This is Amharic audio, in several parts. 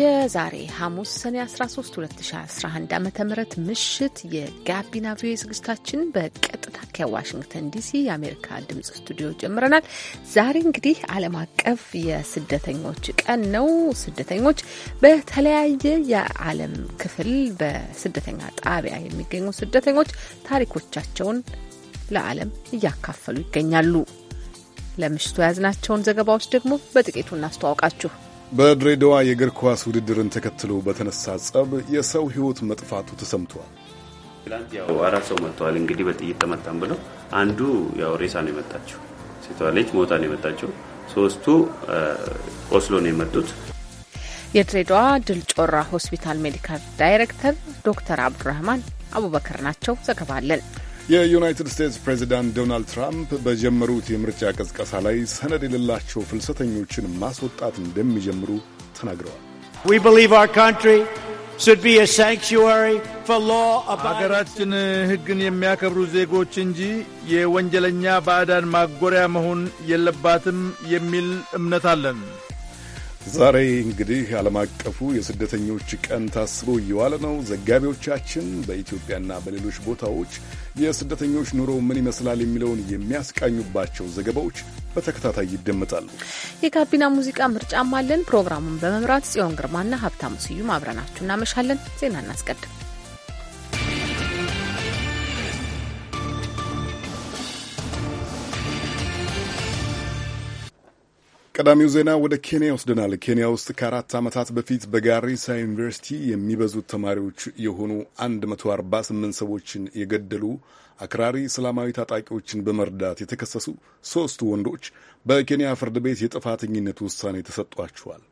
የዛሬ ሐሙስ ሰኔ 13 2011 ዓ ም ምሽት የጋቢና ቪዮ ዝግጅታችን በቀጥታ ከዋሽንግተን ዲሲ የአሜሪካ ድምጽ ስቱዲዮ ጀምረናል። ዛሬ እንግዲህ ዓለም አቀፍ የስደተኞች ቀን ነው። ስደተኞች በተለያየ የዓለም ክፍል በስደተኛ ጣቢያ የሚገኙ ስደተኞች ታሪኮቻቸውን ለዓለም እያካፈሉ ይገኛሉ። ለምሽቱ የያዝናቸውን ዘገባዎች ደግሞ በጥቂቱ እናስተዋውቃችሁ። በድሬዳዋ የእግር ኳስ ውድድርን ተከትሎ በተነሳ ጸብ የሰው ሕይወት መጥፋቱ ተሰምቷል። ትላንት ያው አራት ሰው መጥተዋል። እንግዲህ በጥይት ተመታን ብለው አንዱ ያው ሬሳ ነው የመጣችው፣ ሴቷ ልጅ ሞታ ነው የመጣችው። ሶስቱ ቆስሎ ነው የመጡት። የድሬዳዋ ድል ጮራ ሆስፒታል ሜዲካል ዳይሬክተር ዶክተር አብዱራህማን አቡበከር ናቸው። ዘገባ አለን። የዩናይትድ ስቴትስ ፕሬዚዳንት ዶናልድ ትራምፕ በጀመሩት የምርጫ ቀዝቀሳ ላይ ሰነድ የሌላቸው ፍልሰተኞችን ማስወጣት እንደሚጀምሩ ተናግረዋል። ሀገራችን ሕግን የሚያከብሩ ዜጎች እንጂ የወንጀለኛ ባዕዳን ማጎሪያ መሆን የለባትም የሚል እምነት አለን። ዛሬ እንግዲህ ዓለም አቀፉ የስደተኞች ቀን ታስቦ እየዋለ ነው። ዘጋቢዎቻችን በኢትዮጵያና በሌሎች ቦታዎች የስደተኞች ኑሮ ምን ይመስላል የሚለውን የሚያስቃኙባቸው ዘገባዎች በተከታታይ ይደመጣሉ። የጋቢና ሙዚቃ ምርጫም አለን። ፕሮግራሙን በመምራት ጽዮን ግርማና ሀብታሙ ስዩም አብረናችሁ እናመሻለን። ዜና እናስቀድም። ቀዳሚው ዜና ወደ ኬንያ ወስደናል። ኬንያ ውስጥ ከአራት ዓመታት በፊት በጋሪሳ ዩኒቨርሲቲ የሚበዙት ተማሪዎች የሆኑ 148 ሰዎችን የገደሉ አክራሪ እስላማዊ ታጣቂዎችን በመርዳት የተከሰሱ ሦስቱ ወንዶች በኬንያ ፍርድ ቤት የጥፋተኝነት ውሳኔ ተሰጧቸዋል።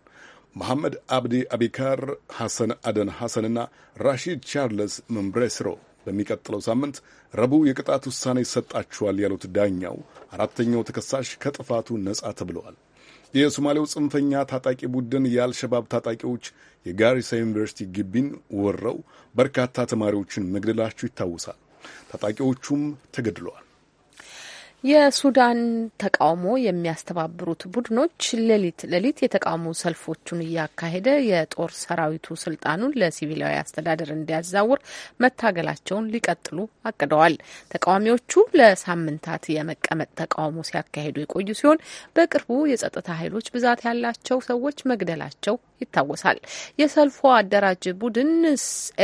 መሐመድ አብዲ አቢካር፣ ሐሰን አደን ሐሰንና ራሺድ ቻርለስ መምብሬስሮ በሚቀጥለው ሳምንት ረቡዕ የቅጣት ውሳኔ ይሰጣቸዋል ያሉት ዳኛው አራተኛው ተከሳሽ ከጥፋቱ ነጻ ተብለዋል። የሶማሌው ጽንፈኛ ታጣቂ ቡድን የአልሸባብ ታጣቂዎች የጋሪሳ ዩኒቨርሲቲ ግቢን ወረው በርካታ ተማሪዎችን መግደላቸው ይታወሳል። ታጣቂዎቹም ተገድለዋል። የሱዳን ተቃውሞ የሚያስተባብሩት ቡድኖች ሌሊት ሌሊት የተቃውሞ ሰልፎቹን እያካሄደ የጦር ሰራዊቱ ስልጣኑን ለሲቪላዊ አስተዳደር እንዲያዛውር መታገላቸውን ሊቀጥሉ አቅደዋል። ተቃዋሚዎቹ ለሳምንታት የመቀመጥ ተቃውሞ ሲያካሄዱ የቆዩ ሲሆን በቅርቡ የጸጥታ ኃይሎች ብዛት ያላቸው ሰዎች መግደላቸው ይታወሳል። የሰልፉ አደራጅ ቡድን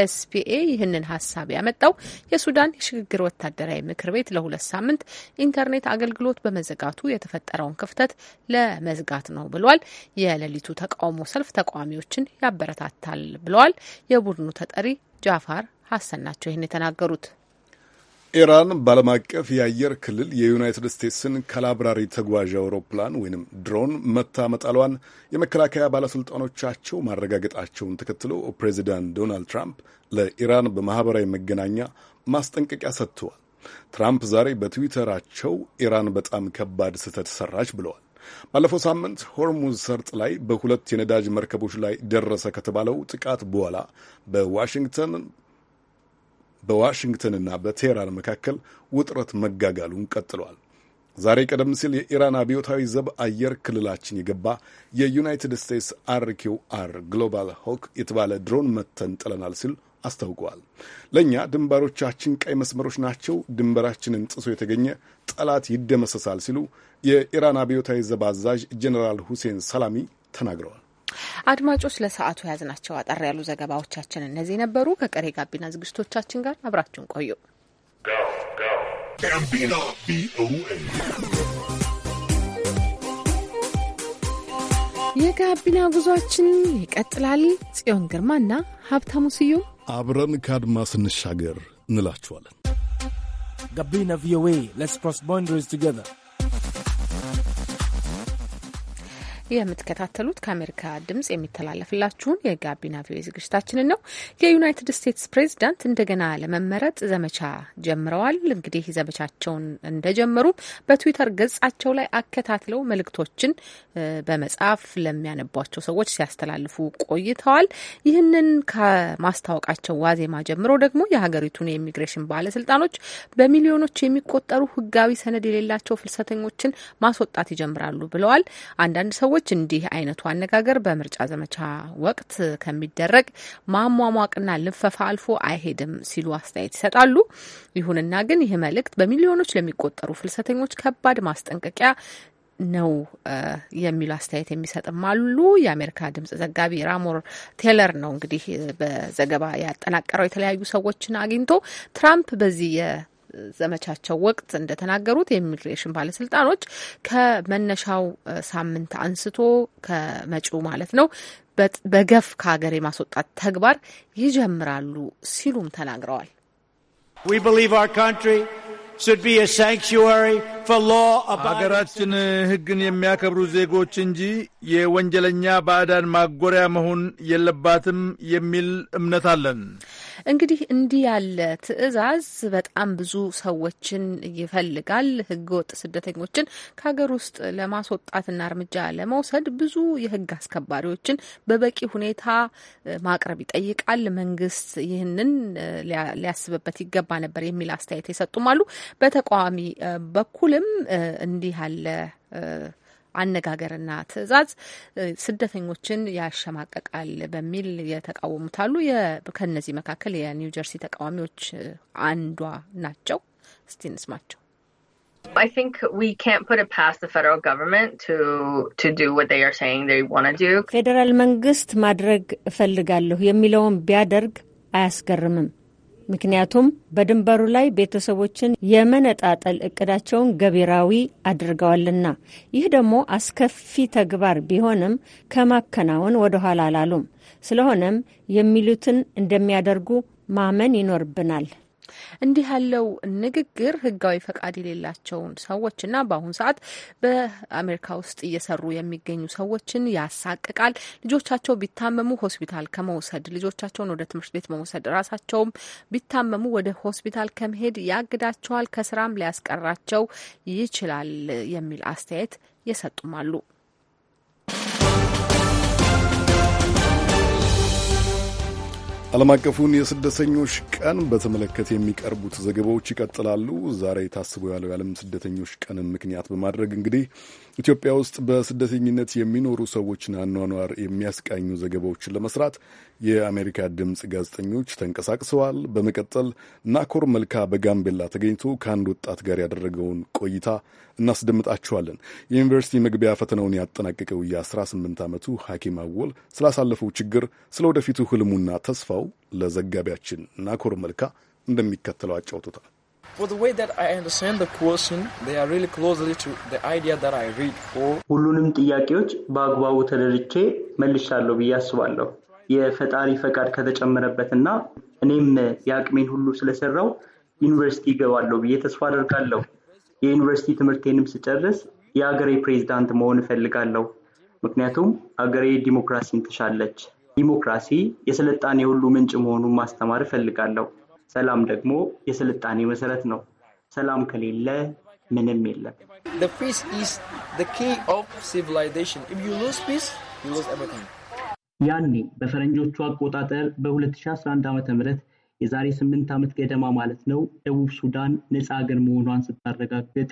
ኤስፒኤ ይህንን ሀሳብ ያመጣው የሱዳን የሽግግር ወታደራዊ ምክር ቤት ለሁለት ሳምንት ኢንተርኔት አገልግሎት በመዘጋቱ የተፈጠረውን ክፍተት ለመዝጋት ነው ብሏል። የሌሊቱ ተቃውሞ ሰልፍ ተቃዋሚዎችን ያበረታታል ብለዋል። የቡድኑ ተጠሪ ጃፋር ሀሰን ናቸው ይህን የተናገሩት። ኢራን በዓለም አቀፍ የአየር ክልል የዩናይትድ ስቴትስን ካላብራሪ ተጓዥ አውሮፕላን ወይም ድሮን መታ መጣሏን የመከላከያ ባለሥልጣኖቻቸው ማረጋገጣቸውን ተከትሎ ፕሬዚዳንት ዶናልድ ትራምፕ ለኢራን በማኅበራዊ መገናኛ ማስጠንቀቂያ ሰጥተዋል። ትራምፕ ዛሬ በትዊተራቸው ኢራን በጣም ከባድ ስህተት ሰራች ብለዋል። ባለፈው ሳምንት ሆርሙዝ ሰርጥ ላይ በሁለት የነዳጅ መርከቦች ላይ ደረሰ ከተባለው ጥቃት በኋላ በዋሽንግተን በዋሽንግተንና በቴህራን መካከል ውጥረት መጋጋሉን ቀጥሏል። ዛሬ ቀደም ሲል የኢራን አብዮታዊ ዘብ አየር ክልላችን የገባ የዩናይትድ ስቴትስ አርኪው አር ግሎባል ሆክ የተባለ ድሮን መተን ጥለናል ሲል አስታውቀዋል። ለእኛ ድንበሮቻችን ቀይ መስመሮች ናቸው፣ ድንበራችንን ጥሶ የተገኘ ጠላት ይደመሰሳል ሲሉ የኢራን አብዮታዊ ዘብ አዛዥ ጀኔራል ሁሴን ሰላሚ ተናግረዋል። አድማጮች ለሰዓቱ የያዝናቸው አጠር ያሉ ዘገባዎቻችን እነዚህ ነበሩ። ከቀሪ ጋቢና ዝግጅቶቻችን ጋር አብራችሁን ቆዩ። የጋቢና ጉዟችን ይቀጥላል። ጽዮን ግርማና ሀብታሙ ስዩም አብረን ከአድማ ስንሻገር እንላችኋለን። ጋቢና ቪኦኤ ሌትስ ክሮስ ቦንደሪስ ቱጌዘር የምትከታተሉት ከአሜሪካ ድምጽ የሚተላለፍላችሁን የጋቢና ቪኦኤ ዝግጅታችንን ነው። የዩናይትድ ስቴትስ ፕሬዚዳንት እንደገና ለመመረጥ ዘመቻ ጀምረዋል። እንግዲህ ዘመቻቸውን እንደጀመሩ በትዊተር ገጻቸው ላይ አከታትለው መልእክቶችን በመጻፍ ለሚያነቧቸው ሰዎች ሲያስተላልፉ ቆይተዋል። ይህንን ከማስታወቃቸው ዋዜማ ጀምሮ ደግሞ የሀገሪቱን የኢሚግሬሽን ባለስልጣኖች በሚሊዮኖች የሚቆጠሩ ህጋዊ ሰነድ የሌላቸው ፍልሰተኞችን ማስወጣት ይጀምራሉ ብለዋል። አንዳንድ ሰዎች ሰዎች እንዲህ አይነቱ አነጋገር በምርጫ ዘመቻ ወቅት ከሚደረግ ማሟሟቅና ልፈፋ አልፎ አይሄድም ሲሉ አስተያየት ይሰጣሉ። ይሁንና ግን ይህ መልእክት በሚሊዮኖች ለሚቆጠሩ ፍልሰተኞች ከባድ ማስጠንቀቂያ ነው የሚሉ አስተያየት የሚሰጥም አሉ። የአሜሪካ ድምጽ ዘጋቢ ራሞር ቴለር ነው እንግዲህ በዘገባ ያጠናቀረው የተለያዩ ሰዎችን አግኝቶ ትራምፕ በዚህ ዘመቻቸው ወቅት እንደተናገሩት የኢሚግሬሽን ባለስልጣኖች ከመነሻው ሳምንት አንስቶ ከመጪው ማለት ነው በገፍ ከሀገር የማስወጣት ተግባር ይጀምራሉ ሲሉም ተናግረዋል። ሀገራችን ሕግን የሚያከብሩ ዜጎች እንጂ የወንጀለኛ ባዕዳን ማጎሪያ መሆን የለባትም የሚል እምነት አለን። እንግዲህ እንዲህ ያለ ትዕዛዝ በጣም ብዙ ሰዎችን ይፈልጋል። ህገወጥ ስደተኞችን ከሀገር ውስጥ ለማስወጣትና እርምጃ ለመውሰድ ብዙ የህግ አስከባሪዎችን በበቂ ሁኔታ ማቅረብ ይጠይቃል። መንግስት ይህንን ሊያስብበት ይገባ ነበር የሚል አስተያየት የሰጡም አሉ። በተቃዋሚ በኩልም እንዲህ ያለ አነጋገርና ትዕዛዝ ስደተኞችን ያሸማቀቃል በሚል የተቃወሙት አሉ። ከእነዚህ መካከል የኒው ጀርሲ ተቃዋሚዎች አንዷ ናቸው። እስቲ እንስማቸው። I think we can't put it past the federal government to to do what they are saying they want to do. ፌዴራል መንግስት ማድረግ እፈልጋለሁ የሚለውን ቢያደርግ አያስገርምም። ምክንያቱም በድንበሩ ላይ ቤተሰቦችን የመነጣጠል እቅዳቸውን ገቢራዊ አድርገዋልና። ይህ ደግሞ አስከፊ ተግባር ቢሆንም ከማከናወን ወደኋላ አላሉም። ስለሆነም የሚሉትን እንደሚያደርጉ ማመን ይኖርብናል። እንዲህ ያለው ንግግር ህጋዊ ፈቃድ የሌላቸውን ሰዎችና በአሁኑ ሰዓት በአሜሪካ ውስጥ እየሰሩ የሚገኙ ሰዎችን ያሳቅቃል። ልጆቻቸው ቢታመሙ ሆስፒታል ከመውሰድ ልጆቻቸውን ወደ ትምህርት ቤት መውሰድ ራሳቸውም ቢታመሙ ወደ ሆስፒታል ከመሄድ ያግዳቸዋል፣ ከስራም ሊያስቀራቸው ይችላል የሚል አስተያየት የሰጡም አሉ። ዓለም አቀፉን የስደተኞች ቀን በተመለከተ የሚቀርቡት ዘገባዎች ይቀጥላሉ። ዛሬ ታስቦ ያለው የዓለም ስደተኞች ቀንን ምክንያት በማድረግ እንግዲህ ኢትዮጵያ ውስጥ በስደተኝነት የሚኖሩ ሰዎችን አኗኗር የሚያስቃኙ ዘገባዎችን ለመስራት የአሜሪካ ድምፅ ጋዜጠኞች ተንቀሳቅሰዋል። በመቀጠል ናኮር መልካ በጋምቤላ ተገኝቶ ከአንድ ወጣት ጋር ያደረገውን ቆይታ እናስደምጣችኋለን። የዩኒቨርሲቲ መግቢያ ፈተናውን ያጠናቀቀው የ18 ዓመቱ ሐኪም አወል ስላሳለፈው ችግር፣ ስለ ወደፊቱ ህልሙና ተስፋው ለዘጋቢያችን ናኮር መልካ እንደሚከተለው አጫውቶታል። ሁሉንም ጥያቄዎች በአግባቡ ተደርቼ መልሻለሁ ብዬ አስባለሁ። የፈጣሪ ፈቃድ ከተጨመረበት እና እኔም የአቅሜን ሁሉ ስለሰራው ዩኒቨርሲቲ ይገባለሁ ብዬ ተስፋ አደርጋለሁ። የዩኒቨርሲቲ ትምህርቴንም ስጨርስ የአገሬ ፕሬዚዳንት መሆን እፈልጋለሁ። ምክንያቱም አገሬ ዲሞክራሲን ትሻለች። ዲሞክራሲ የስልጣኔ ሁሉ ምንጭ መሆኑን ማስተማር እፈልጋለሁ። ሰላም ደግሞ የስልጣኔ መሰረት ነው። ሰላም ከሌለ ምንም የለም። The peace is the key of civilization. If you lose peace, you lose everything. ያኔ በፈረንጆቹ አቆጣጠር በ2011 ዓ.ም የዛሬ 8 ዓመት ገደማ ማለት ነው ደቡብ ሱዳን ነፃ አገር መሆኗን ስታረጋግጥ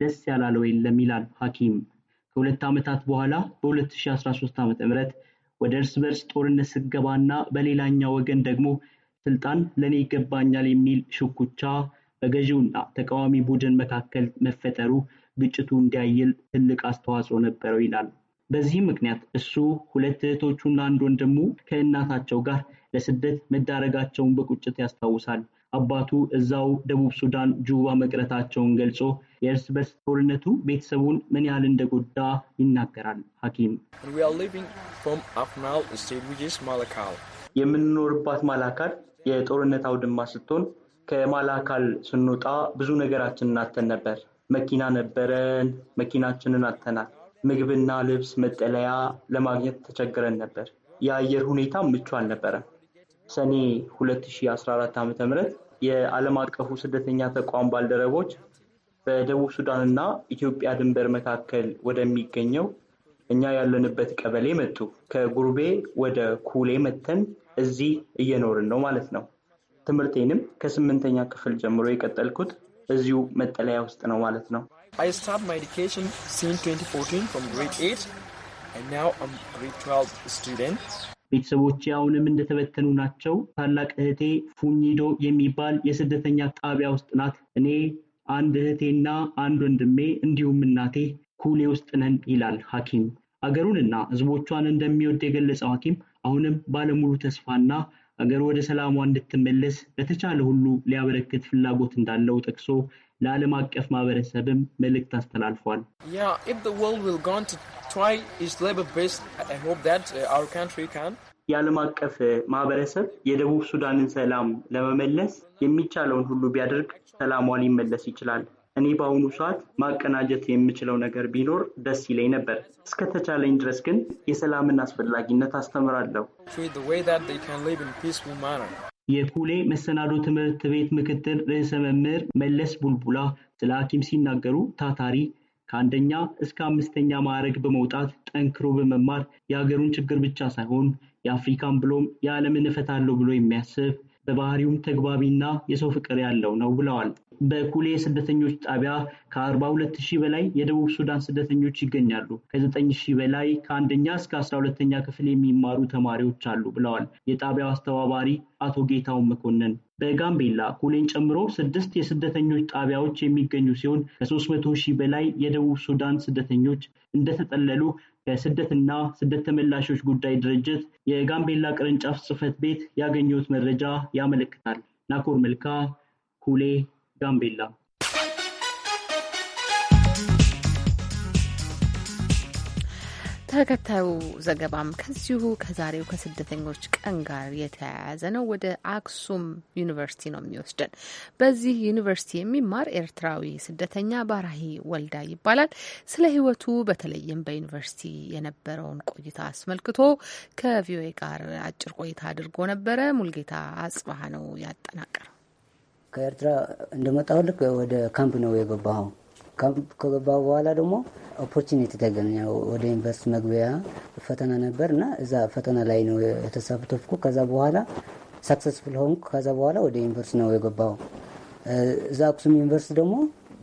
ደስ ያላለው የለም ይላል ሐኪም። ከሁለት ዓመታት በኋላ በ2013 ዓ.ም ወደ እርስ በርስ ጦርነት ስገባና በሌላኛ ወገን ደግሞ ስልጣን ለእኔ ይገባኛል የሚል ሽኩቻ በገዢውና ተቃዋሚ ቡድን መካከል መፈጠሩ ግጭቱ እንዲያይል ትልቅ አስተዋጽኦ ነበረው ይላል። በዚህም ምክንያት እሱ ሁለት እህቶቹና አንድ ወንድሙ ከእናታቸው ጋር ለስደት መዳረጋቸውን በቁጭት ያስታውሳል። አባቱ እዛው ደቡብ ሱዳን ጁባ መቅረታቸውን ገልጾ የእርስ በርስ ጦርነቱ ቤተሰቡን ምን ያህል እንደጎዳ ይናገራል። ሐኪም የምንኖርባት ማላካል የጦርነት አውድማ ስትሆን ከማላካል ስንወጣ ብዙ ነገራችንን አተን ነበር። መኪና ነበረን፣ መኪናችንን አተናል። ምግብና ልብስ፣ መጠለያ ለማግኘት ተቸግረን ነበር። የአየር ሁኔታ ምቹ አልነበረም። ሰኔ 2014 ዓ ም የዓለም አቀፉ ስደተኛ ተቋም ባልደረቦች በደቡብ ሱዳንና ኢትዮጵያ ድንበር መካከል ወደሚገኘው እኛ ያለንበት ቀበሌ መጡ። ከጉርቤ ወደ ኩሌ መተን እዚህ እየኖርን ነው ማለት ነው። ትምህርቴንም ከስምንተኛ ክፍል ጀምሮ የቀጠልኩት እዚሁ መጠለያ ውስጥ ነው ማለት ነው። I started my education since 2014 from grade 8 and now I'm grade 12 student. ቤተሰቦቼ አሁንም እንደተበተኑ ናቸው። ታላቅ እህቴ ፉኝዶ የሚባል የስደተኛ ጣቢያ ውስጥ ናት። እኔ አንድ እህቴና አንድ ወንድሜ እንዲሁም እናቴ ኩሌ ውስጥ ነን ይላል ሐኪም። አገሩንና ህዝቦቿን እንደሚወድ የገለጸው ሐኪም አሁንም ባለሙሉ ተስፋና አገር ወደ ሰላሟ እንድትመለስ ለተቻለ ሁሉ ሊያበረክት ፍላጎት እንዳለው ጠቅሶ ለዓለም አቀፍ ማህበረሰብም መልእክት አስተላልፏል። uh, የዓለም አቀፍ uh, ማህበረሰብ የደቡብ ሱዳንን ሰላም ለመመለስ የሚቻለውን ሁሉ ቢያደርግ ሰላሟ ሊመለስ ይችላል። እኔ በአሁኑ ሰዓት ማቀናጀት የምችለው ነገር ቢኖር ደስ ይለኝ ነበር። እስከተቻለኝ ድረስ ግን የሰላምን አስፈላጊነት አስተምራለሁ። የኩሌ መሰናዶ ትምህርት ቤት ምክትል ርዕሰ መምህር መለስ ቡልቡላ ስለ ሐኪም ሲናገሩ ታታሪ ከአንደኛ እስከ አምስተኛ ማዕረግ በመውጣት ጠንክሮ በመማር የሀገሩን ችግር ብቻ ሳይሆን የአፍሪካን ብሎም የዓለምን እፈታለሁ ብሎ የሚያስብ በባህሪውም ተግባቢና የሰው ፍቅር ያለው ነው ብለዋል። በኩሌ ስደተኞች ጣቢያ ከ42 ሺህ በላይ የደቡብ ሱዳን ስደተኞች ይገኛሉ። ከ9 ሺህ በላይ ከአንደኛ እስከ 12 ተኛ ክፍል የሚማሩ ተማሪዎች አሉ ብለዋል የጣቢያው አስተባባሪ አቶ ጌታውን መኮንን። በጋምቤላ ኩሌን ጨምሮ ስድስት የስደተኞች ጣቢያዎች የሚገኙ ሲሆን ከ300 ሺህ በላይ የደቡብ ሱዳን ስደተኞች እንደተጠለሉ ከስደትና ስደት ተመላሾች ጉዳይ ድርጅት የጋምቤላ ቅርንጫፍ ጽህፈት ቤት ያገኘሁት መረጃ ያመለክታል። ናኮር መልካ ኩሌ ጋምቤላ ተከታዩ ዘገባም ከዚሁ ከዛሬው ከስደተኞች ቀን ጋር የተያያዘ ነው። ወደ አክሱም ዩኒቨርሲቲ ነው የሚወስደን። በዚህ ዩኒቨርሲቲ የሚማር ኤርትራዊ ስደተኛ ባራሂ ወልዳ ይባላል። ስለ ሕይወቱ በተለይም በዩኒቨርሲቲ የነበረውን ቆይታ አስመልክቶ ከቪኦኤ ጋር አጭር ቆይታ አድርጎ ነበረ። ሙልጌታ አጽባህ ነው ያጠናቀረው። ከኤርትራ እንደመጣሁ ልክ ወደ ካምፕ ነው የገባሁ። ካምፕ ከገባሁ በኋላ ደግሞ ኦፖርቹኒቲ ተገኘ። ወደ ዩኒቨርስቲ መግቢያ ፈተና ነበር እና እዛ ፈተና ላይ ነው የተሳተፍኩ። ከዛ በኋላ ሳክሰስፉል ሆንኩ። ከዛ በኋላ ወደ ዩኒቨርስቲ ነው የገባሁ። እዛ አክሱም ዩኒቨርስቲ ደግሞ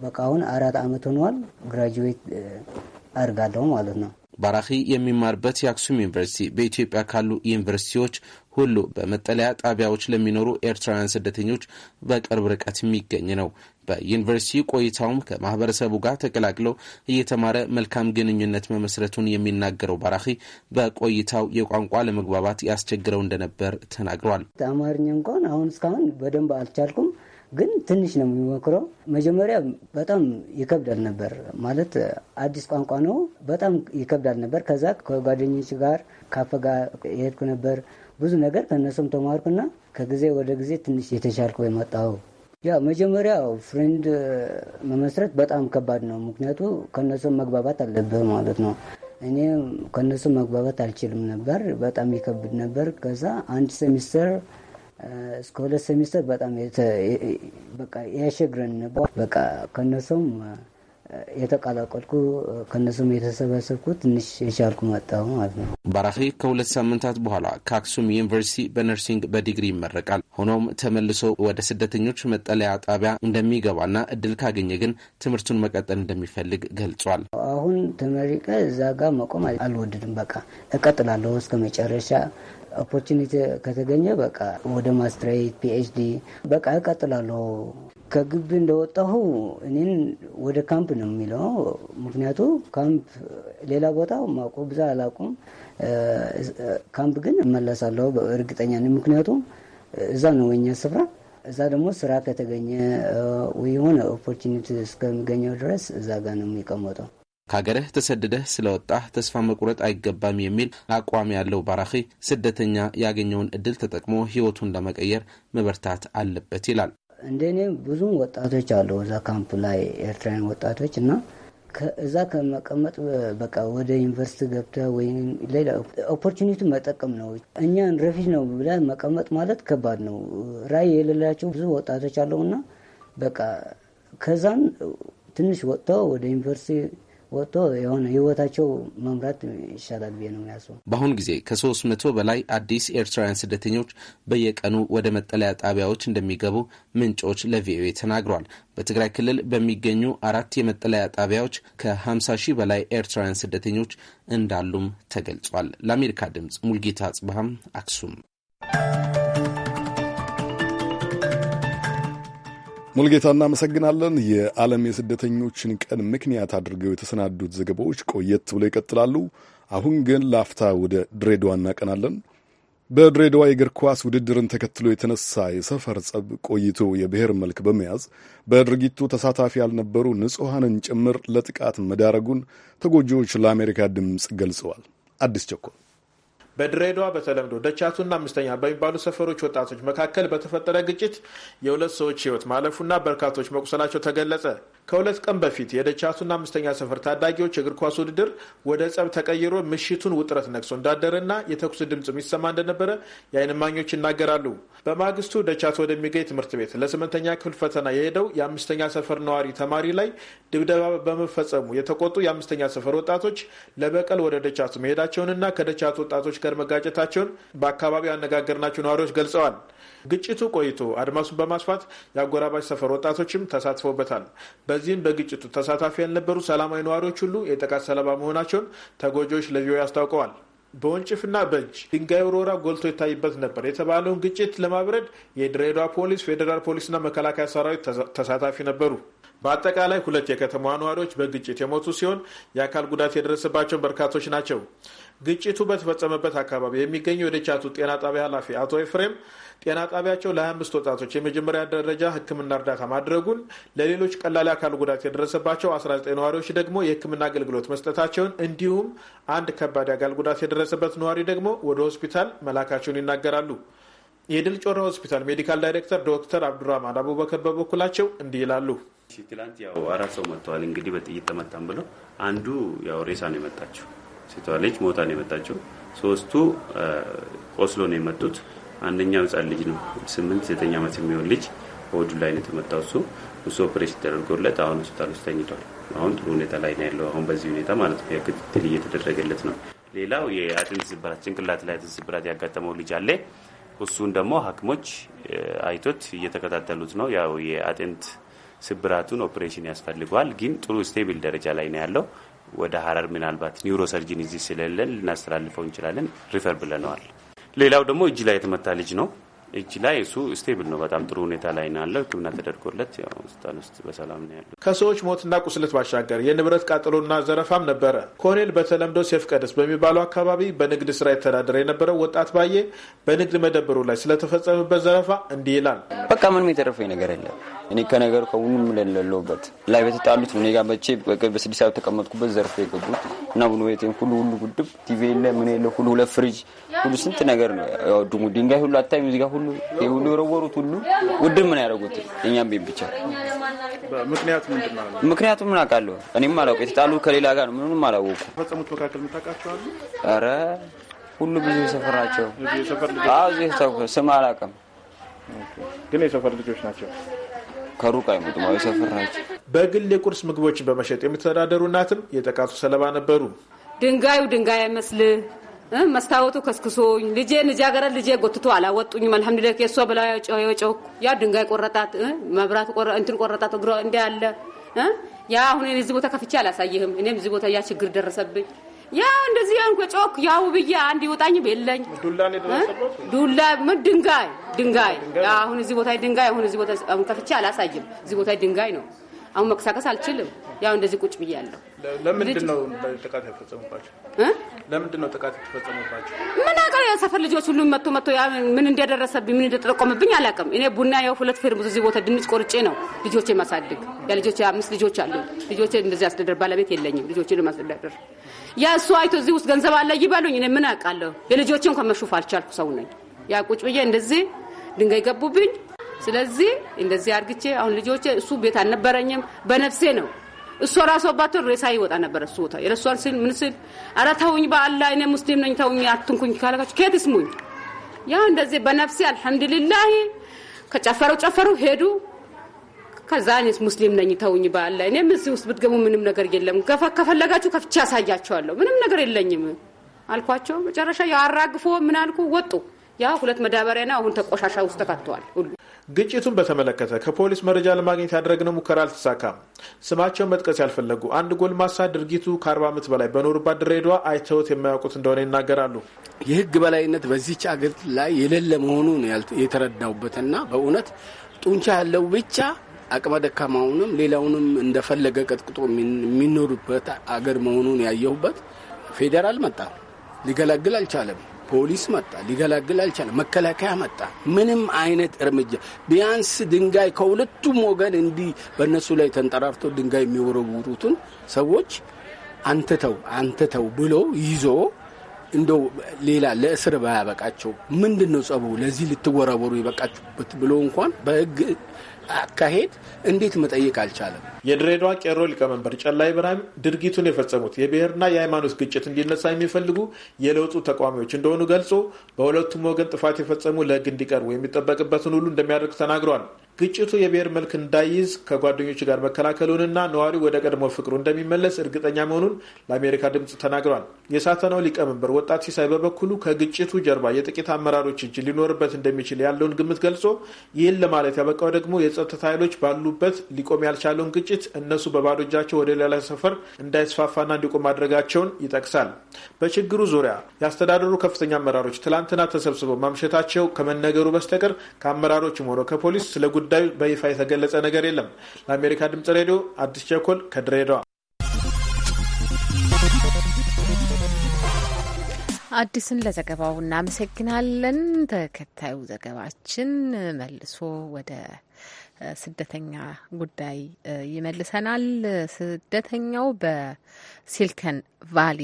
በቃ አሁን አራት አመት ሆነዋል። ግራጁዌት አድርጋለሁ ማለት ነው። ባራኺ የሚማርበት የአክሱም ዩኒቨርሲቲ በኢትዮጵያ ካሉ ዩኒቨርሲቲዎች ሁሉ በመጠለያ ጣቢያዎች ለሚኖሩ ኤርትራውያን ስደተኞች በቅርብ ርቀት የሚገኝ ነው። በዩኒቨርሲቲ ቆይታውም ከማህበረሰቡ ጋር ተቀላቅለው እየተማረ መልካም ግንኙነት መመስረቱን የሚናገረው ባራኺ በቆይታው የቋንቋ ለመግባባት ያስቸግረው እንደነበር ተናግሯል። አማርኛ እንኳን አሁን እስካሁን በደንብ አልቻልኩም። ግን ትንሽ ነው የሚሞክረው። መጀመሪያ በጣም ይከብዳል ነበር ማለት አዲስ ቋንቋ ነው፣ በጣም ይከብዳል ነበር። ከዛ ከጓደኞች ጋር ካፈ ጋር የሄድኩ ነበር ብዙ ነገር ከእነሱም ተማርኩና ከጊዜ ወደ ጊዜ ትንሽ የተሻልኩ የመጣው። ያ መጀመሪያ ፍሬንድ መመስረት በጣም ከባድ ነው፣ ምክንያቱ ከእነሱም መግባባት አለብህ ማለት ነው። እኔ ከእነሱ መግባባት አልችልም ነበር፣ በጣም ይከብድ ነበር። ከዛ አንድ ሴሚስተር እስከ ሁለት ሴሚስተር በጣም በቃ ያሸግረን በቃ ከነሱም የተቀላቀልኩ ከነሱም የተሰበሰብኩ ትንሽ የቻልኩ መጣሁ ማለት ነው። ባራፌ ከሁለት ሳምንታት በኋላ ከአክሱም ዩኒቨርሲቲ በነርሲንግ በዲግሪ ይመረቃል። ሆኖም ተመልሶ ወደ ስደተኞች መጠለያ ጣቢያ እንደሚገባና እድል ካገኘ ግን ትምህርቱን መቀጠል እንደሚፈልግ ገልጿል። አሁን ተመሪቀ እዛ ጋር መቆም አልወደድም። በቃ እቀጥላለሁ እስከ መጨረሻ ኦፖርቹኒቲ ከተገኘ በቃ ወደ ማስትሬት ፒኤችዲ በቃ እቀጥላለሁ። ከግቢ እንደወጣሁ እኔን ወደ ካምፕ ነው የሚለው። ምክንያቱ ካምፕ ሌላ ቦታ ማቆ ብዛ አላቁም። ካምፕ ግን እመለሳለሁ እርግጠኛ ነኝ። ምክንያቱ እዛ ነው ወኛ ስፍራ እዛ ደግሞ ስራ ከተገኘ የሆነ ኦፖርቹኒቲ እስከሚገኘው ድረስ እዛ ጋር ነው የሚቀመጠው። ከሀገርህ ተሰድደህ ስለወጣህ ተስፋ መቁረጥ አይገባም የሚል አቋም ያለው ባራኺ ስደተኛ ያገኘውን እድል ተጠቅሞ ህይወቱን ለመቀየር መበርታት አለበት ይላል። እንደ እኔ ብዙ ወጣቶች አሉ እዛ ካምፕ ላይ ኤርትራውያን ወጣቶች እና እዛ ከመቀመጥ በቃ ወደ ዩኒቨርሲቲ ገብተ ወይም ሌላ ኦፖርቹኒቲ መጠቀም ነው። እኛን ረፊት ነው ብለ መቀመጥ ማለት ከባድ ነው። ራይ የሌላቸው ብዙ ወጣቶች እና በቃ ከዛም ትንሽ ወጥተው ወደ ዩኒቨርሲቲ ወጥቶ የሆነ ህይወታቸው መምራት ይሻላል ብዬ ነው ያስበው። በአሁኑ ጊዜ ከሶስት መቶ በላይ አዲስ ኤርትራውያን ስደተኞች በየቀኑ ወደ መጠለያ ጣቢያዎች እንደሚገቡ ምንጮች ለቪኦኤ ተናግሯል። በትግራይ ክልል በሚገኙ አራት የመጠለያ ጣቢያዎች ከ50 ሺህ በላይ ኤርትራውያን ስደተኞች እንዳሉም ተገልጿል። ለአሜሪካ ድምፅ ሙልጌታ ጽባሃም አክሱም ሙልጌታ እናመሰግናለን። የዓለም የስደተኞችን ቀን ምክንያት አድርገው የተሰናዱት ዘገባዎች ቆየት ብለው ይቀጥላሉ። አሁን ግን ላፍታ ወደ ድሬዳዋ እናቀናለን። በድሬዳዋ የእግር ኳስ ውድድርን ተከትሎ የተነሳ የሰፈር ጸብ ቆይቶ የብሔር መልክ በመያዝ በድርጊቱ ተሳታፊ ያልነበሩ ንጹሐንን ጭምር ለጥቃት መዳረጉን ተጎጂዎች ለአሜሪካ ድምፅ ገልጸዋል። አዲስ ቸኮል በድሬዳዋ በተለምዶ ደቻቱና አምስተኛ በሚባሉ ሰፈሮች ወጣቶች መካከል በተፈጠረ ግጭት የሁለት ሰዎች ህይወት ማለፉና በርካቶች መቁሰላቸው ተገለጸ። ከሁለት ቀን በፊት የደቻቱና አምስተኛ ሰፈር ታዳጊዎች የእግር ኳስ ውድድር ወደ ጸብ ተቀይሮ ምሽቱን ውጥረት ነግሶ እንዳደረና የተኩስ ድምፅ የሚሰማ እንደነበረ የአይን እማኞች ይናገራሉ። በማግስቱ ደቻቱ ወደሚገኝ ትምህርት ቤት ለስምንተኛ ክፍል ፈተና የሄደው የአምስተኛ ሰፈር ነዋሪ ተማሪ ላይ ድብደባ በመፈጸሙ የተቆጡ የአምስተኛ ሰፈር ወጣቶች ለበቀል ወደ ደቻቱ መሄዳቸውንና ከደቻቱ ወጣቶች ጋር መጋጨታቸውን በአካባቢው ያነጋገርናቸው ነዋሪዎች ገልጸዋል። ግጭቱ ቆይቶ አድማሱን በማስፋት የአጎራባች ሰፈር ወጣቶችም ተሳትፎበታል። በዚህም በግጭቱ ተሳታፊ ያልነበሩ ሰላማዊ ነዋሪዎች ሁሉ የጥቃት ሰለባ መሆናቸውን ተጎጂዎች ለቪኦኤ አስታውቀዋል። በወንጭፍና በእጅ ድንጋይ ውርወራ ጎልቶ ይታይበት ነበር የተባለውን ግጭት ለማብረድ የድሬዳዋ ፖሊስ፣ ፌዴራል ፖሊስና መከላከያ ሰራዊት ተሳታፊ ነበሩ። በአጠቃላይ ሁለት የከተማዋ ነዋሪዎች በግጭት የሞቱ ሲሆን የአካል ጉዳት የደረሰባቸው በርካቶች ናቸው። ግጭቱ በተፈጸመበት አካባቢ የሚገኘው የደቻቱ ጤና ጣቢያ ኃላፊ አቶ ኤፍሬም ጤና ጣቢያቸው ለ25 ወጣቶች የመጀመሪያ ደረጃ ሕክምና እርዳታ ማድረጉን፣ ለሌሎች ቀላል አካል ጉዳት የደረሰባቸው 19 ነዋሪዎች ደግሞ የሕክምና አገልግሎት መስጠታቸውን፣ እንዲሁም አንድ ከባድ አካል ጉዳት የደረሰበት ነዋሪ ደግሞ ወደ ሆስፒታል መላካቸውን ይናገራሉ። የድል ጮራ ሆስፒታል ሜዲካል ዳይሬክተር ዶክተር አብዱራማን አቡበከር በበኩላቸው እንዲህ ይላሉ። ትላንት ያው አራት ሰው መጥተዋል። እንግዲህ በጥይት ተመታን ብለው አንዱ ያው ሬሳ ነው የመጣቸው ሴቷ ልጅ ሞታ ነው የመጣችው። ሶስቱ ቆስሎ ነው የመጡት። አንደኛው ህጻን ልጅ ነው ስምንት ዘጠኝ ዓመት የሚሆን ልጅ ሆዱ ላይ ነው የተመታው። እሱ እሱ ኦፕሬሽን ተደርጎለት አሁን ሆስፒታል ውስጥ ተኝቷል። አሁን ጥሩ ሁኔታ ላይ ነው ያለው። አሁን በዚህ ሁኔታ ማለት ነው ክትትል እየተደረገለት ነው። ሌላው የአጥንት ስብራት ጭንቅላት ላይ አጥንት ስብራት ያጋጠመው ልጅ አለ። እሱን ደግሞ ሐኪሞች አይቶት እየተከታተሉት ነው። ያው የአጥንት ስብራቱን ኦፕሬሽን ያስፈልገዋል፣ ግን ጥሩ ስቴብል ደረጃ ላይ ነው ያለው። ወደ ሀረር ምናልባት ኒውሮሰርጂን እዚህ ስለሌለን ልናስተላልፈው እንችላለን ሪፈር ብለነዋል። ሌላው ደግሞ እጅ ላይ የተመታ ልጅ ነው እጅ ላይ እሱ ስቴብል ነው። በጣም ጥሩ ሁኔታ ላይ ነው ያለው። ሕክምና ተደርጎለት ሆስፒታል ውስጥ በሰላም ነው ያለው። ከሰዎች ሞትና ቁስለት ባሻገር የንብረት ቃጠሎና ዘረፋም ነበረ። ኮኔል በተለምዶ ሴፍ ቀደስ በሚባለው አካባቢ በንግድ ስራ የተዳደረ የነበረው ወጣት ባየ በንግድ መደብሩ ላይ ስለተፈጸመበት ዘረፋ እንዲህ ይላል። በቃ ምንም የተረፈኝ ነገር የለም። እኔ ከነገሩ ከሁሉም ለለለበት ላይ በተጣሉት እኔ ጋር መቼ በስድስት ሰዓት ተቀመጥኩበት ዘርፎ የገቡት እና ቡኑ ቤቴም ሁሉ ሁሉ ጉድብ ቲቪ የለ ምን የለ ሁሉ ሁለት ፍሪጅ ሁሉ ስንት ነገር ነው ድንጋይ ሁሉ አታይም እዚህ ጋር ሁሉ ይሄ ሁሉ የወረወሩት ሁሉ ውድም ምን ያደረጉት እኛም ቤት ብቻ ምክንያቱ ምን አውቃለሁ እኔም አላውቅም። የተጣሉ ከሌላ ጋር ነው ምንም አላወቁ ፈጸሙት መካከል ምታውቃቸዋሉ? ኧረ ሁሉ ብዙ የሰፈር ናቸው። አሁ ስም አላውቅም፣ ግን የሰፈር ልጆች ናቸው። ከሩቅ አይመጡም። የሰፈር ናቸው። በግል የቁርስ ምግቦችን በመሸጥ የሚተዳደሩ እናትም የጥቃቱ ሰለባ ነበሩ። ድንጋዩ ድንጋይ አይመስልህ መስታወቱ ከስክሶኝ ልጄ ንጃገረ ልጄ ጎትቶ አላወጡኝም። አልሐምዱሊላህ ከሷ ብላ ጮህ ያ ድንጋይ ቆረጣት፣ መብራት እንትን ቆረጣት፣ እግሮ እንደ ያለ ያ አሁን እዚህ ቦታ ከፍቼ አላሳይህም። እኔም እዚህ ቦታ ያ ችግር ደረሰብኝ። ያ እንደዚህ ያን ጮክ ያው ብዬ አንድ ይወጣኝ የለኝ ዱላ ምን ድንጋይ ድንጋይ አሁን እዚህ ቦታ ድንጋይ አሁን እዚህ ቦታ ከፍቼ አላሳይም። እዚህ ቦታ ድንጋይ ነው አሁን መንቀሳቀስ አልችልም። ያው እንደዚህ ቁጭ ብያለሁ። ለምንድን ነው ጥቃት የተፈጸመባቸው? ለምንድን ነው ጥቃት የተፈጸመባቸው? ምን አውቃለሁ። የሰፈር ልጆች ሁሉ መጥቶ መጥቶ ምን እንደደረሰብኝ ምን እንደተጠቆምብኝ አላውቅም። እኔ ቡና ያው ሁለት ፌርሙዝ እዚህ ቦታ ድንች ቆርጬ ነው ልጆቼ ማሳድግ። ያ ልጆቼ አምስት ልጆች አሉ። ልጆቼ እንደዚህ አስተዳደር ባለቤት የለኝም። ልጆቼ ለማስተዳደር ያ እሱ አይቶ እዚህ ውስጥ ገንዘብ አለ ይበሉኝ። እኔ ምን አውቃለሁ። የልጆቼ ከመሹፍ አልቻልኩ ሰው ነኝ። ያ ቁጭ ብዬ እንደዚህ ድንጋይ ገቡብኝ። ስለዚህ እንደዚህ አርግቼ አሁን ልጆቼ እሱ ቤት አልነበረኝም፣ በነፍሴ ነው እሷ ራሷ አባቶ ሬሳ ይወጣ ነበረ እሱ ቦታ የረሷን ስል ምን ስል ኧረ ተውኝ፣ በአላህ እኔ ሙስሊም ነኝ ተውኝ፣ አትንኩኝ ካለካችሁ ከየት ስሙኝ። ያ እንደዚህ በነፍሴ አልሐምዱሊላህ ከጨፈረው ጨፈሩ ሄዱ። ከዛ ሙስሊም ነኝ ተውኝ፣ በአላህ እኔ ምን ውስጥ ብትገቡ ምንም ነገር የለም፣ ከፈለጋችሁ ከፍቼ ያሳያችኋለሁ፣ ምንም ነገር የለኝም አልኳቸው። መጨረሻ ያራግፎ ምን አልኩ ወጡ ያ ሁለት መዳበሪያና አሁን ተቆሻሻ ውስጥ ተካተዋል። ሁሉ ግጭቱን በተመለከተ ከፖሊስ መረጃ ለማግኘት ያደረግነው ሙከራ አልተሳካም። ስማቸውን መጥቀስ ያልፈለጉ አንድ ጎልማሳ ድርጊቱ ከአርባ ዓመት በላይ በኖሩባት ድሬዳዋ አይተውት የማያውቁት እንደሆነ ይናገራሉ። የህግ በላይነት በዚች አገር ላይ የሌለ መሆኑን የተረዳውበትና በእውነት ጡንቻ ያለው ብቻ አቅመ ደካማውንም ሌላውንም እንደፈለገ ቀጥቅጦ የሚኖሩበት አገር መሆኑን ያየሁበት ፌዴራል መጣ ሊገላግል አልቻለም። ፖሊስ መጣ፣ ሊገላግል አልቻለም። መከላከያ መጣ። ምንም አይነት እርምጃ ቢያንስ ድንጋይ ከሁለቱም ወገን እንዲህ በእነሱ ላይ ተንጠራርቶ ድንጋይ የሚወረውሩትን ሰዎች አንተተው አንተተው ብሎ ይዞ እንደው ሌላ ለእስር ባያበቃቸው ምንድን ነው ጸቡ? ለዚህ ልትወረወሩ የበቃችሁበት ብሎ እንኳን በህግ? አካሄድ እንዴት መጠየቅ አልቻለም? የድሬዳዋ ቄሮ ሊቀመንበር ጨላይ ብርሃም ድርጊቱን የፈጸሙት የብሔርና የሃይማኖት ግጭት እንዲነሳ የሚፈልጉ የለውጡ ተቃዋሚዎች እንደሆኑ ገልጾ በሁለቱም ወገን ጥፋት የፈጸሙ ለሕግ እንዲቀርቡ የሚጠበቅበትን ሁሉ እንደሚያደርግ ተናግሯል። ግጭቱ የብሔር መልክ እንዳይይዝ ከጓደኞች ጋር መከላከሉንና ነዋሪው ወደ ቀድሞ ፍቅሩ እንደሚመለስ እርግጠኛ መሆኑን ለአሜሪካ ድምፅ ተናግሯል። የሳተናው ሊቀመንበር ወጣት ሲሳይ በበኩሉ ከግጭቱ ጀርባ የጥቂት አመራሮች እጅ ሊኖርበት እንደሚችል ያለውን ግምት ገልጾ ይህን ለማለት ያበቃው ደግሞ የጸጥታ ኃይሎች ባሉበት ሊቆም ያልቻለውን ግጭት እነሱ በባዶ እጃቸው ወደ ሌላ ሰፈር እንዳይስፋፋና እንዲቆም ማድረጋቸውን ይጠቅሳል። በችግሩ ዙሪያ የአስተዳደሩ ከፍተኛ አመራሮች ትላንትና ተሰብስበው ማምሸታቸው ከመነገሩ በስተቀር ከአመራሮችም ሆነ ከፖሊስ ስለ ጉዳዩ በይፋ የተገለጸ ነገር የለም። ለአሜሪካ ድምጽ ሬዲዮ አዲስ ቸኮል ከድሬዳዋ። አዲስን ለዘገባው እናመሰግናለን። ተከታዩ ዘገባችን መልሶ ወደ ስደተኛ ጉዳይ ይመልሰናል። ስደተኛው በሲልከን ቫሊ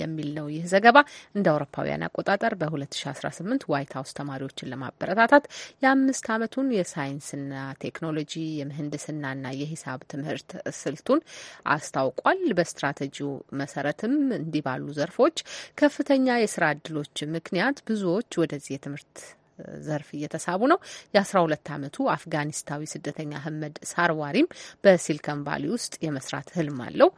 የሚል ነው ይህ ዘገባ። እንደ አውሮፓውያን አቆጣጠር በ2018 ዋይት ሀውስ ተማሪዎችን ለማበረታታት የአምስት ዓመቱን የሳይንስና ቴክኖሎጂ የምህንድስናና የሂሳብ ትምህርት ስልቱን አስታውቋል። በስትራቴጂው መሰረትም እንዲህ ባሉ ዘርፎች ከፍተኛ የስራ እድሎች ምክንያት ብዙዎች ወደዚህ የትምህርት ዘርፍ እየተሳቡ ነው። የአስራ ሁለት ዓመቱ አፍጋኒስታዊ ስደተኛ አህመድ ሳርዋሪም በሲልከን ቫሊ ውስጥ የመስራት ህልም አለው።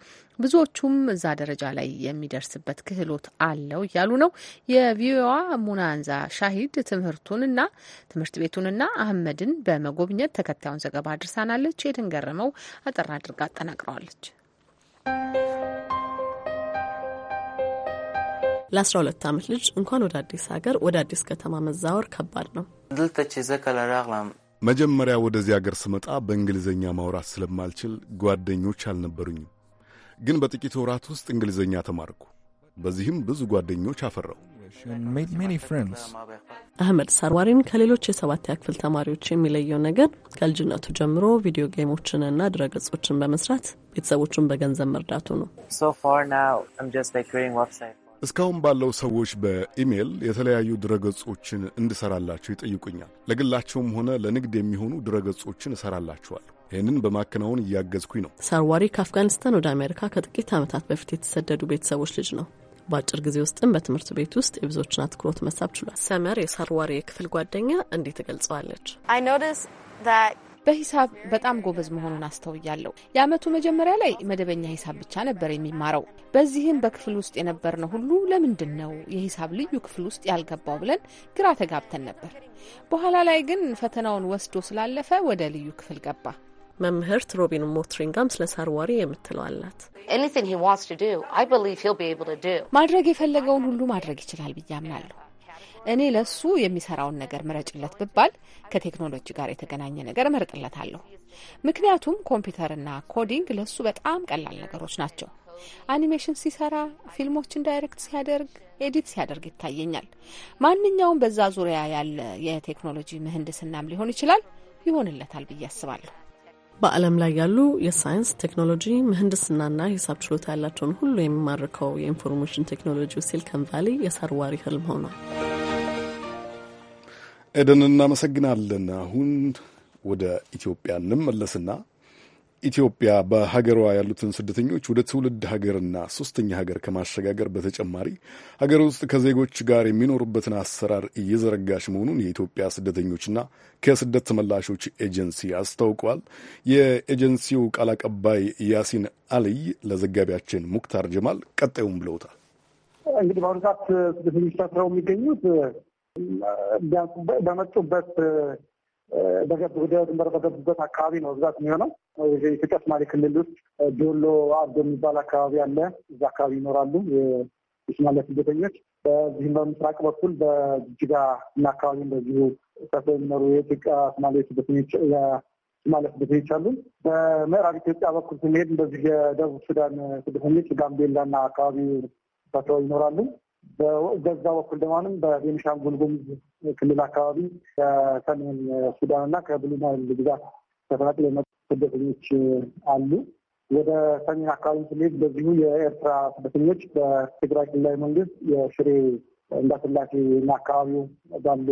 ብዙዎቹም እዛ ደረጃ ላይ የሚደርስበት ክህሎት አለው እያሉ ነው። የቪዮዋ ሙናንዛ ሻሂድ ትምህርቱንና ትምህርት ቤቱንና አህመድን በመጎብኘት ተከታዩን ዘገባ አድርሳናለች። የድንገረመው አጠር አድርጋ አጠናቅረዋለች። ለ12 ዓመት ልጅ እንኳን ወደ አዲስ ሀገር ወደ አዲስ ከተማ መዛወር ከባድ ነው። መጀመሪያ ወደዚህ ሀገር ስመጣ በእንግሊዝኛ ማውራት ስለማልችል ጓደኞች አልነበሩኝም። ግን በጥቂት ወራት ውስጥ እንግሊዝኛ ተማርኩ። በዚህም ብዙ ጓደኞች አፈራው። አህመድ ሰርዋሪን ከሌሎች የሰባት ክፍል ተማሪዎች የሚለየው ነገር ከልጅነቱ ጀምሮ ቪዲዮ ጌሞችንና ድረገጾችን በመስራት ቤተሰቦቹን በገንዘብ መርዳቱ ነው። እስካሁን ባለው ሰዎች በኢሜይል የተለያዩ ድረገጾችን እንድሰራላቸው ይጠይቁኛል። ለግላቸውም ሆነ ለንግድ የሚሆኑ ድረገጾችን እሰራላቸዋለሁ። ይህንን በማከናወን እያገዝኩኝ ነው። ሳርዋሪ ከአፍጋኒስታን ወደ አሜሪካ ከጥቂት ዓመታት በፊት የተሰደዱ ቤተሰቦች ልጅ ነው። በአጭር ጊዜ ውስጥም በትምህርት ቤት ውስጥ የብዙዎችን አትኩሮት መሳብ ችሏል። ሰመር የሳርዋሪ የክፍል ጓደኛ እንዲህ ትገልጸዋለች። በሂሳብ በጣም ጎበዝ መሆኑን አስተውያለሁ። የአመቱ መጀመሪያ ላይ መደበኛ ሂሳብ ብቻ ነበር የሚማረው። በዚህም በክፍል ውስጥ የነበርነው ሁሉ ለምንድን ነው የሂሳብ ልዩ ክፍል ውስጥ ያልገባው ብለን ግራ ተጋብተን ነበር። በኋላ ላይ ግን ፈተናውን ወስዶ ስላለፈ ወደ ልዩ ክፍል ገባ። መምህርት ሮቢን ሞትሪንጋም ስለ ሳርዋሪ የምትለው አላት። ማድረግ የፈለገውን ሁሉ ማድረግ ይችላል ብዬ አምናለሁ። እኔ ለሱ የሚሰራውን ነገር ምረጭለት ብባል ከቴክኖሎጂ ጋር የተገናኘ ነገር እመርጥለታለሁ። ምክንያቱም ኮምፒውተርና ኮዲንግ ለሱ በጣም ቀላል ነገሮች ናቸው። አኒሜሽን ሲሰራ፣ ፊልሞችን ዳይሬክት ሲያደርግ፣ ኤዲት ሲያደርግ ይታየኛል። ማንኛውም በዛ ዙሪያ ያለ የቴክኖሎጂ ምህንድስናም ሊሆን ይችላል ይሆንለታል ብዬ አስባለሁ። በዓለም ላይ ያሉ የሳይንስ ቴክኖሎጂ፣ ምህንድስናና ሂሳብ ችሎታ ያላቸውን ሁሉ የሚማርከው የኢንፎርሜሽን ቴክኖሎጂ ሲሊከን ቫሊ የሰርዋሪ ህልም ሆኗል። ኤደን እናመሰግናለን። አሁን ወደ ኢትዮጵያ እንመለስና ኢትዮጵያ በሀገሯ ያሉትን ስደተኞች ወደ ትውልድ ሀገርና ሶስተኛ ሀገር ከማሸጋገር በተጨማሪ ሀገር ውስጥ ከዜጎች ጋር የሚኖሩበትን አሰራር እየዘረጋች መሆኑን የኢትዮጵያ ስደተኞችና ከስደት ተመላሾች ኤጀንሲ አስታውቋል። የኤጀንሲው ቃል አቀባይ ያሲን አልይ ለዘጋቢያችን ሙክታር ጀማል ቀጣዩም ብለውታል። እንግዲህ በአሁኑ ሰዓት ስደተኞች ታስረው የሚገኙት ቢያንስ በመጡበት በገብ ወደ ድንበር በገቡበት አካባቢ ነው ብዛት የሚሆነው። ኢትዮጵያ ሶማሌ ክልል ውስጥ ዶሎ አርዶ የሚባል አካባቢ አለ። እዛ አካባቢ ይኖራሉ የሶማሌ ስደተኞች። በዚህም በምስራቅ በኩል በጅጅጋ እና አካባቢ እንደዚሁ ሰፍረው የሚኖሩ የኢትዮጵያ ሶማሌ ስደተኞች ሶማሌ ስደተኞች አሉ። በምዕራብ ኢትዮጵያ በኩል ስንሄድ እንደዚህ የደቡብ ሱዳን ስደተኞች ጋምቤላና አካባቢ ሰፍረው ይኖራሉ። በዛ በኩል ደግሞ አሁንም በቤኒሻንጉል ጉሙዝ ክልል አካባቢ ከሰሜን ሱዳን እና ከብሉ ናይል ግዛት ተፈናቅለው የመጡ ስደተኞች አሉ። ወደ ሰሜን አካባቢ ስንሄድ በዚሁ የኤርትራ ስደተኞች በትግራይ ክልላዊ መንግስት የሽሬ እንዳስላሴ እና አካባቢው ባሉ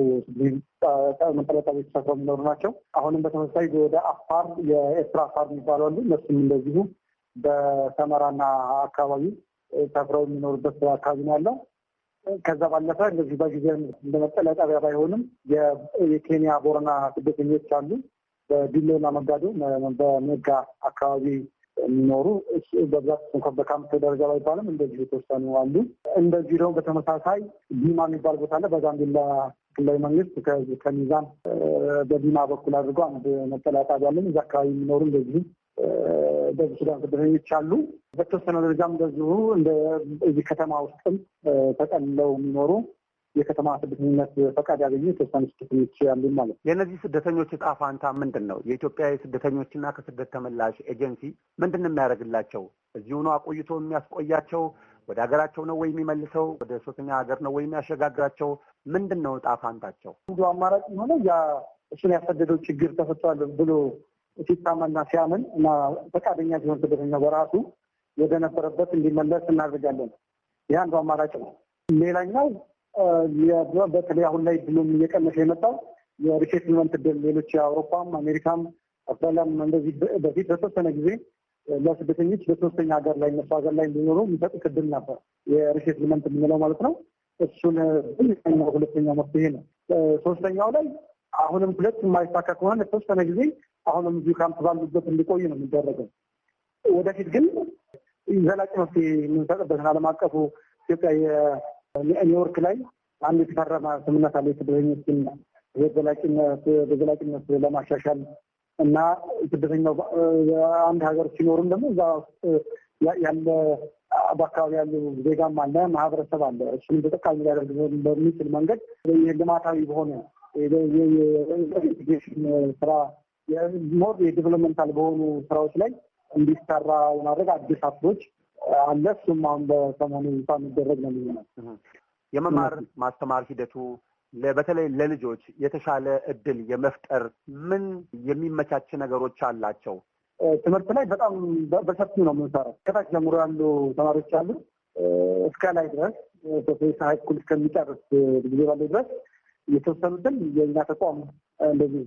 መጠለያ ጣቢያዎች ተሰፍረው የሚኖሩ ናቸው። አሁንም በተመሳሳይ ወደ አፋር የኤርትራ አፋር የሚባሉ አሉ። እነሱም እንደዚሁ በሰመራና አካባቢ ሰፍረው የሚኖሩበት አካባቢ ነው ያለው። ከዛ ባለፈ እንደዚህ በጊዜ ለመጠለጠቢያ ባይሆንም የኬንያ ቦረና ስደተኞች አሉ። በዲሌና መጋዶ በመጋ አካባቢ የሚኖሩ በብዛት እንኳ በካምፕ ደረጃ ባይባልም እንደዚህ የተወሰኑ አሉ። እንደዚህ ደግሞ በተመሳሳይ ዲማ የሚባል ቦታ አለ። በጋምቤላ ክልላዊ መንግስት ከሚዛን በዲማ በኩል አድርጎ አንድ መጠለያ ጣቢያ አለን። እዚ አካባቢ የሚኖሩ እንደዚህ ደቡብ ሱዳን ስደተኞች አሉ። በተወሰነ ደረጃም እንደዚሁ እዚህ ከተማ ውስጥም ተጠልለው የሚኖሩ የከተማ ስደተኝነት ፈቃድ ያገኙ የተወሰኑ ስደተኞች ያሉ ማለት ነው። የእነዚህ ስደተኞች እጣ ፋንታ ምንድን ነው? የኢትዮጵያ ስደተኞችና ከስደት ተመላሽ ኤጀንሲ ምንድን ነው የሚያደርግላቸው? እዚሁ ነው አቆይቶ የሚያስቆያቸው? ወደ ሀገራቸው ነው ወይ የሚመልሰው? ወደ ሶስተኛ ሀገር ነው ወይ የሚያሸጋግራቸው? ምንድን ነው እጣ ፋንታቸው? አንዱ አማራጭ የሆነ እሱን ያሰደደው ችግር ተፈቷል ብሎ ሲታመና ሲያምን እና ፈቃደኛ ሲሆን ስደተኛው በራሱ ወደነበረበት እንዲመለስ እናደርጋለን። ይህ አንዱ አማራጭ ነው። ሌላኛው በተለይ አሁን ላይ ድሉም እየቀነሰ የመጣው የሪሴትልመንት ድል ሌሎች የአውሮፓም አሜሪካም አስትራሊያም እንደዚህ በፊት በተወሰነ ጊዜ ለስደተኞች በሶስተኛ ሀገር ላይ እነሱ ሀገር ላይ እንዲኖሩ የሚሰጡት እድል ነበር፣ የሪሴትልመንት የምንለው ማለት ነው። እሱን ሁለተኛው መፍትሄ ነው። ሶስተኛው ላይ አሁንም ሁለት የማይሳካ ከሆነ ለተወሰነ ጊዜ አሁንም እዚሁ ካምፕ ባሉበት እንዲቆዩ ነው የሚደረገው። ወደፊት ግን ዘላቂ መፍትሄ የምንሰጥበትን ዓለም አቀፉ ኢትዮጵያ የኒውዮርክ ላይ አንድ የተፈረመ ስምምነት አለ የስደተኞችን በዘላቂነት ለማሻሻል እና ስደተኛው አንድ ሀገር ሲኖርም ደግሞ እዛ ያለ በአካባቢ ያሉ ዜጋም አለ ማህበረሰብ አለ እሱም ተጠቃሚ ሊያደርግ በሚችል መንገድ ልማታዊ በሆነ ስራ ሞር የዴቨሎፕመንታል በሆኑ ስራዎች ላይ እንዲሰራ የማድረግ አዲስ አስቦች አለ። እሱም አሁን በሰሞኑ ይፋ የሚደረግ ነው የሚሆነው። የመማር ማስተማር ሂደቱ በተለይ ለልጆች የተሻለ እድል የመፍጠር ምን የሚመቻች ነገሮች አላቸው? ትምህርት ላይ በጣም በሰፊው ነው የምንሰራው። ከታች ጀምሮ ያሉ ተማሪዎች አሉ እስከ ላይ ድረስ ሃይስኩል እስከሚጨርስ ጊዜ ባለው ድረስ የተወሰኑትን የእኛ ተቋም እንደዚህ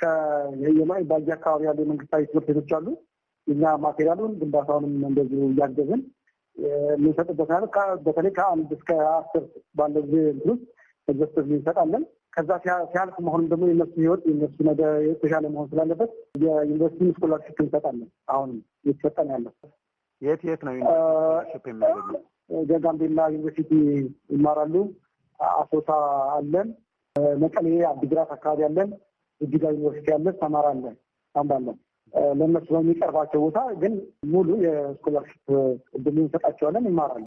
ከየማይ ባየ አካባቢ ያሉ የመንግስታዊ ትምህርት ቤቶች አሉ። እኛ ማቴሪያሉን ግንባታውንም እንደዚሁ እያገዝን የምንሰጥበት ያለ በተለይ ከአንድ እስከ አስር ባለው ጊዜ ውስጥ ኤግዘስቲቭ እንሰጣለን። ከዛ ሲያልፍ መሆኑም ደግሞ የነሱ ህይወት የነሱ ነገር የተሻለ መሆን ስላለበት የዩኒቨርሲቲ ስኮላርሽፕ እንሰጣለን። አሁንም እየተሰጠን ያለ የት የት ነው? ዩኒቨርሲቲ የሚያገኘው ጋምቤላ ዩኒቨርሲቲ ይማራሉ። አሶሳ አለን፣ መቀሌ፣ አዲግራት አካባቢ አለን። እጅጋ ዩኒቨርሲቲ አለ፣ ተማራ አለ፣ አምባለ ለእነሱ በሚቀርባቸው ቦታ ግን ሙሉ የስኮላርሽፕ እድል እንሰጣቸዋለን፣ ይማራሉ።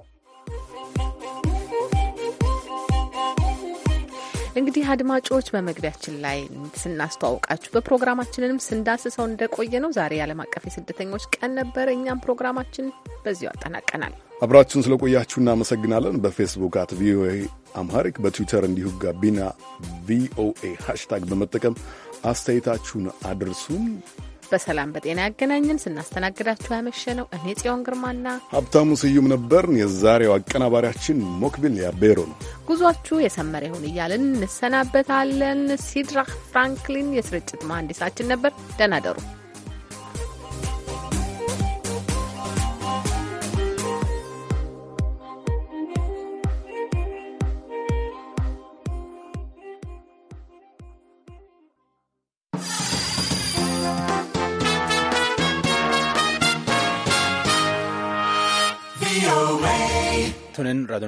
እንግዲህ አድማጮች በመግቢያችን ላይ ስናስተዋውቃችሁ በፕሮግራማችንንም ስንዳስሰው እንደቆየ ነው። ዛሬ የዓለም አቀፍ የስደተኞች ቀን ነበረ። እኛም ፕሮግራማችን በዚሁ አጠናቀናል። አብራችሁን ስለቆያችሁ እናመሰግናለን። በፌስቡክ አት ቪኦኤ አምሃሪክ፣ በትዊተር እንዲሁ ጋቢና ቪኦኤ ሃሽታግ በመጠቀም አስተያየታችሁን አድርሱን። በሰላም በጤና ያገናኘን። ስናስተናግዳችሁ ያመሸ ነው እኔ ጽዮን ግርማና ሀብታሙ ስዩም ነበርን። የዛሬው አቀናባሪያችን ሞክቢል ያቤሮ ነው። ጉዟችሁ የሰመረ ይሁን እያልን እንሰናበታለን። ሲድራክ ፍራንክሊን የስርጭት መሐንዲሳችን ነበር። ደህና ደሩ። en Radio